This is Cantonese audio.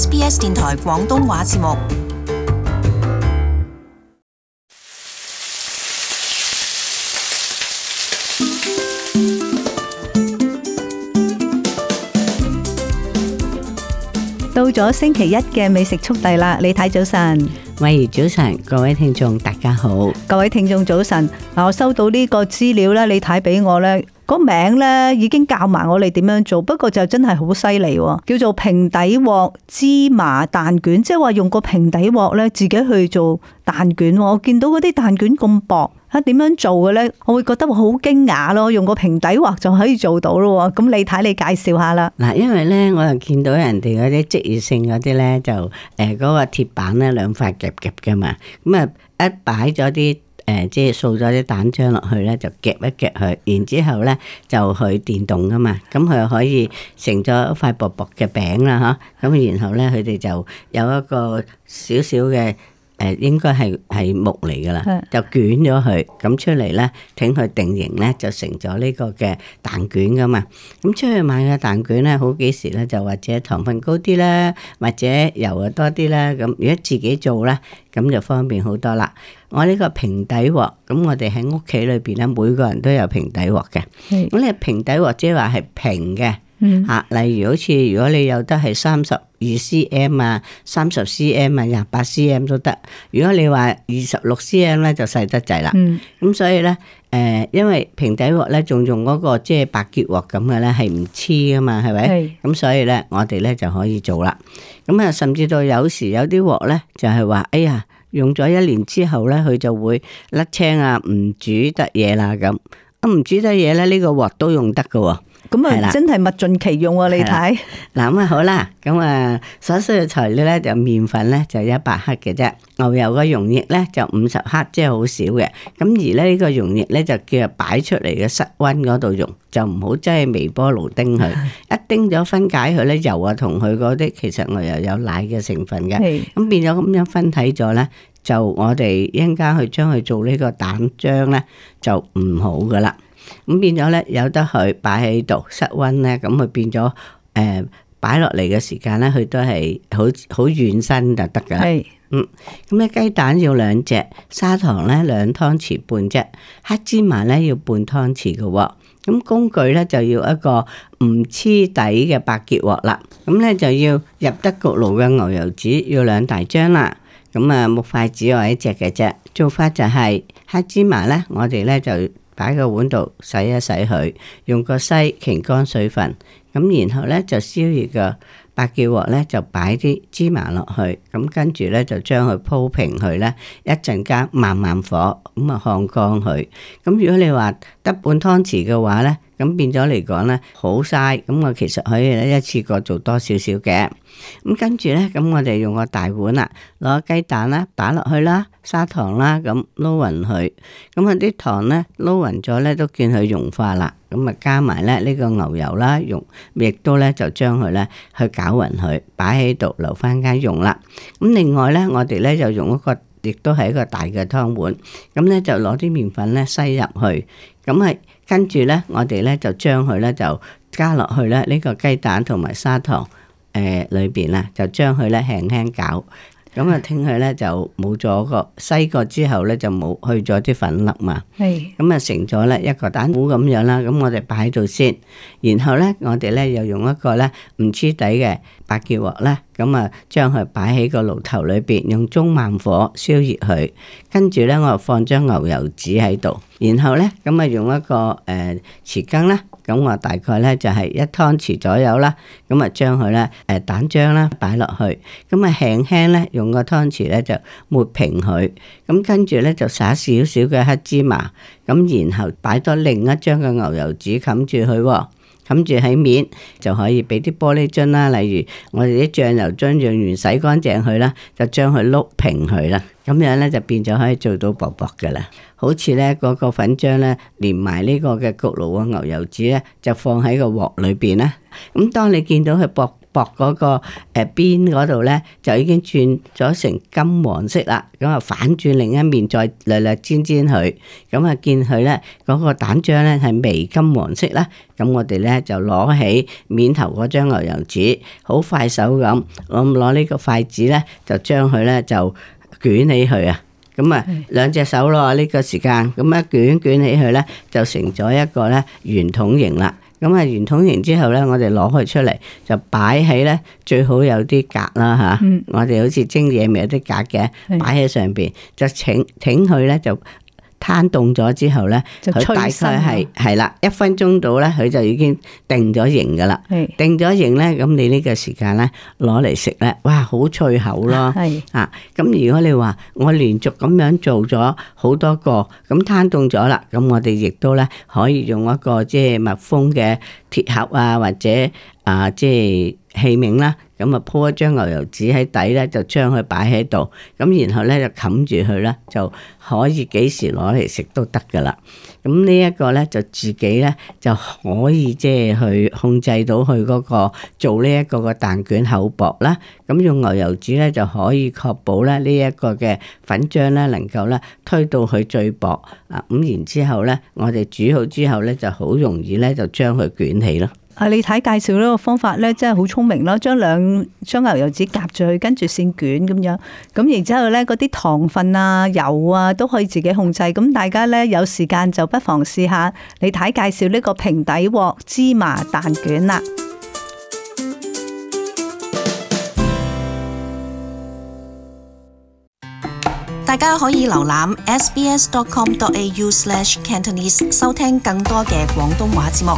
SBS 電台廣東話節目。到咗星期一嘅美食速遞啦！你睇早晨。喂，早晨，各位聽眾大家好。各位聽眾早晨，我收到呢個資料，你睇俾我咧，個名咧已經教埋我哋點樣做，不過就真係好犀利，叫做平底鑊芝麻蛋卷，即係話用個平底鑊咧自己去做蛋卷，我見到嗰啲蛋卷咁薄。啊，點樣做嘅咧？我會覺得好驚訝咯，用個平底鑊就可以做到咯。咁你睇你介紹下啦。嗱，因為咧，我又見到人哋嗰啲職業性嗰啲咧，就誒嗰個鐵板咧，兩塊夾夾㗎嘛。咁啊，一擺咗啲誒，即係掃咗啲蛋漿落去咧，就夾一夾佢，然之後咧就去電動㗎嘛。咁佢可以成咗一塊薄薄嘅餅啦，嚇、啊。咁然後咧，佢哋就有一個少少嘅。誒應該係係木嚟噶啦，就捲咗佢咁出嚟咧，整佢定型咧就成咗呢個嘅蛋卷噶嘛。咁出去買嘅蛋卷咧，好幾時咧就或者糖分高啲啦，或者油啊多啲啦。咁如果自己做咧，咁就方便好多啦。我呢個平底鑊，咁我哋喺屋企裏邊咧每個人都有平底鑊嘅。咁你呢個平底鑊即係話係平嘅。吓，例如好似如果你有得係三十二 cm 啊、三十 cm 啊、廿八 cm 都得。如果你話二十六 cm 咧，就細得滯啦。咁所以咧，誒、呃，因為平底鑊咧、嗰個，仲用嗰個即係白潔鑊咁嘅咧，係唔黐噶嘛，係咪？咁是 所以咧，我哋咧就可以做啦。咁啊，甚至到有時有啲鑊咧，就係話，哎呀，用咗一年之後咧，佢就會甩青啊，唔煮得嘢啦。咁啊，唔煮得嘢咧，呢、呢個鑊都用得噶。咁啊，真係物盡其用喎！你睇看嗱，咁啊好啦，咁啊所需嘅材料咧就麵粉咧就一百克嘅啫，牛油嘅溶液咧就五十克，即係好少嘅。咁而咧呢、這個溶液咧就叫擺出嚟嘅室温嗰度溶，就唔好真係微波爐叮佢， 一叮咗分解佢咧，油啊同佢嗰啲其實牛油有奶嘅成分嘅，咁的變咗咁樣分體咗咧，就我哋一陣間去將佢做呢個蛋漿咧就唔好噶啦。咁變咗咧，由得佢擺喺度，室溫咧，咁佢變咗誒、呃、擺落嚟嘅時間咧，佢都係好好軟身就得㗎。係是，嗯。咁咧雞蛋要兩隻，砂糖咧兩湯匙半啫，黑芝麻咧要半湯匙嘅喎。咁工具咧就要一個唔黐底嘅白鐵鑊啦。咁咧就要入得焗爐嘅牛油紙要兩大張啦。咁啊木筷子我一隻嘅啫。做法就係黑芝麻咧，我哋咧就。擺個碗度洗一洗佢，用個篩擎乾水分，咁然後咧就燒熱個白鐵鑊咧，就擺啲芝麻落去，咁跟住咧就將佢鋪平佢咧，一陣間慢慢火咁啊烘乾佢。咁如果你話得半湯匙嘅話咧。咁變咗嚟講咧，好嘥。咁我其實可以咧一次過做多少少嘅。咁跟住咧，咁我哋用個大碗啦，攞雞蛋啦，打落去啦，砂糖啦，咁撈匀佢。咁啊啲糖咧撈匀咗咧，都見佢融化啦。咁啊加埋咧呢個牛油啦，用亦都咧就將佢咧去攪匀佢，擺喺度留翻間用啦。咁另外咧，我哋咧就用一個。亦都係一個大嘅湯碗，咁咧就攞啲麵粉咧篩入去，咁啊跟住咧，我哋咧就將佢咧就加落去咧呢個雞蛋同埋砂糖誒、呃、裏邊啦，就將佢咧輕輕攪，咁啊聽佢咧就冇咗個篩過之後咧就冇去咗啲粉粒嘛，係。咁啊成咗咧一個蛋糊咁樣啦，咁我哋擺喺度先，然後咧我哋咧又用一個咧唔黐底嘅白瓷鑊咧。咁啊，將佢擺喺個爐頭裏邊，用中慢火燒熱佢。跟住咧，我就放張牛油紙喺度，然後咧，咁啊，用一個誒匙羹啦。咁、呃、我大概咧就係一湯匙左右啦。咁啊，將佢咧誒蛋漿啦擺落去，咁啊輕輕咧用個湯匙咧就抹平佢。咁跟住咧就撒少少嘅黑芝麻，咁然後擺多另一張嘅牛油紙冚住佢喎。冚住喺面就可以俾啲玻璃樽啦，例如我哋啲醬油樽用完洗乾淨佢啦，就將佢碌平佢啦，咁樣咧就變咗可以做到薄薄嘅啦。好似咧嗰個粉漿咧，連埋呢個嘅焗爐啊、牛油紙咧，就放喺個鍋裏邊啦。咁當你見到佢薄。薄嗰個誒邊嗰度呢，就已經轉咗成金黃色啦。咁啊，反轉另一面再略略煎煎佢。咁啊，見佢呢嗰個蛋漿呢係微金黃色啦。咁我哋呢就攞起面頭嗰張牛油紙，好快手咁攞攞呢個筷子呢，就將佢呢就捲起佢啊。咁啊，兩隻手咯，呢個時間。咁一捲捲起佢呢，就成咗一個呢圓筒形啦。咁啊，圓筒完，完之後呢，我哋攞佢出嚟就擺喺咧，最好有啲格啦，我哋好似蒸嘢咪有啲格嘅，擺喺上面，就請請佢咧就攤凍咗之後咧，佢大概係係啦，一分鐘到咧，佢就已經定咗型噶啦。定咗型咧，咁你呢個時間咧，攞嚟食咧，哇，好脆口咯。係啊，咁如果你話我連續咁樣做咗好多個，咁攤凍咗啦，咁我哋亦都咧可以用一個即係密封嘅鐵盒啊，或者啊即係器皿啦。咁啊，鋪一張牛油紙喺底咧，就將佢擺喺度，咁然後咧就冚住佢啦，就可以幾時攞嚟食都得噶啦。咁呢一個咧就自己咧就可以即係去控制到佢嗰個做呢一個個蛋卷厚薄啦。咁用牛油紙咧就可以確保咧呢一個嘅粉漿咧能夠咧推到佢最薄啊。咁然之後咧，我哋煮好之後咧就好容易咧就將佢捲起咯。啊！你睇介紹呢個方法咧，真係好聰明咯！將兩張牛油紙夾住佢，跟住先捲咁樣，咁然之後咧，嗰啲糖分啊、油啊，都可以自己控制。咁大家咧有時間就不妨試下。你睇介紹呢個平底鑊芝麻蛋卷啦，大家可以瀏覽 sbs.com.au/cantonese 收聽更多嘅廣東話節目。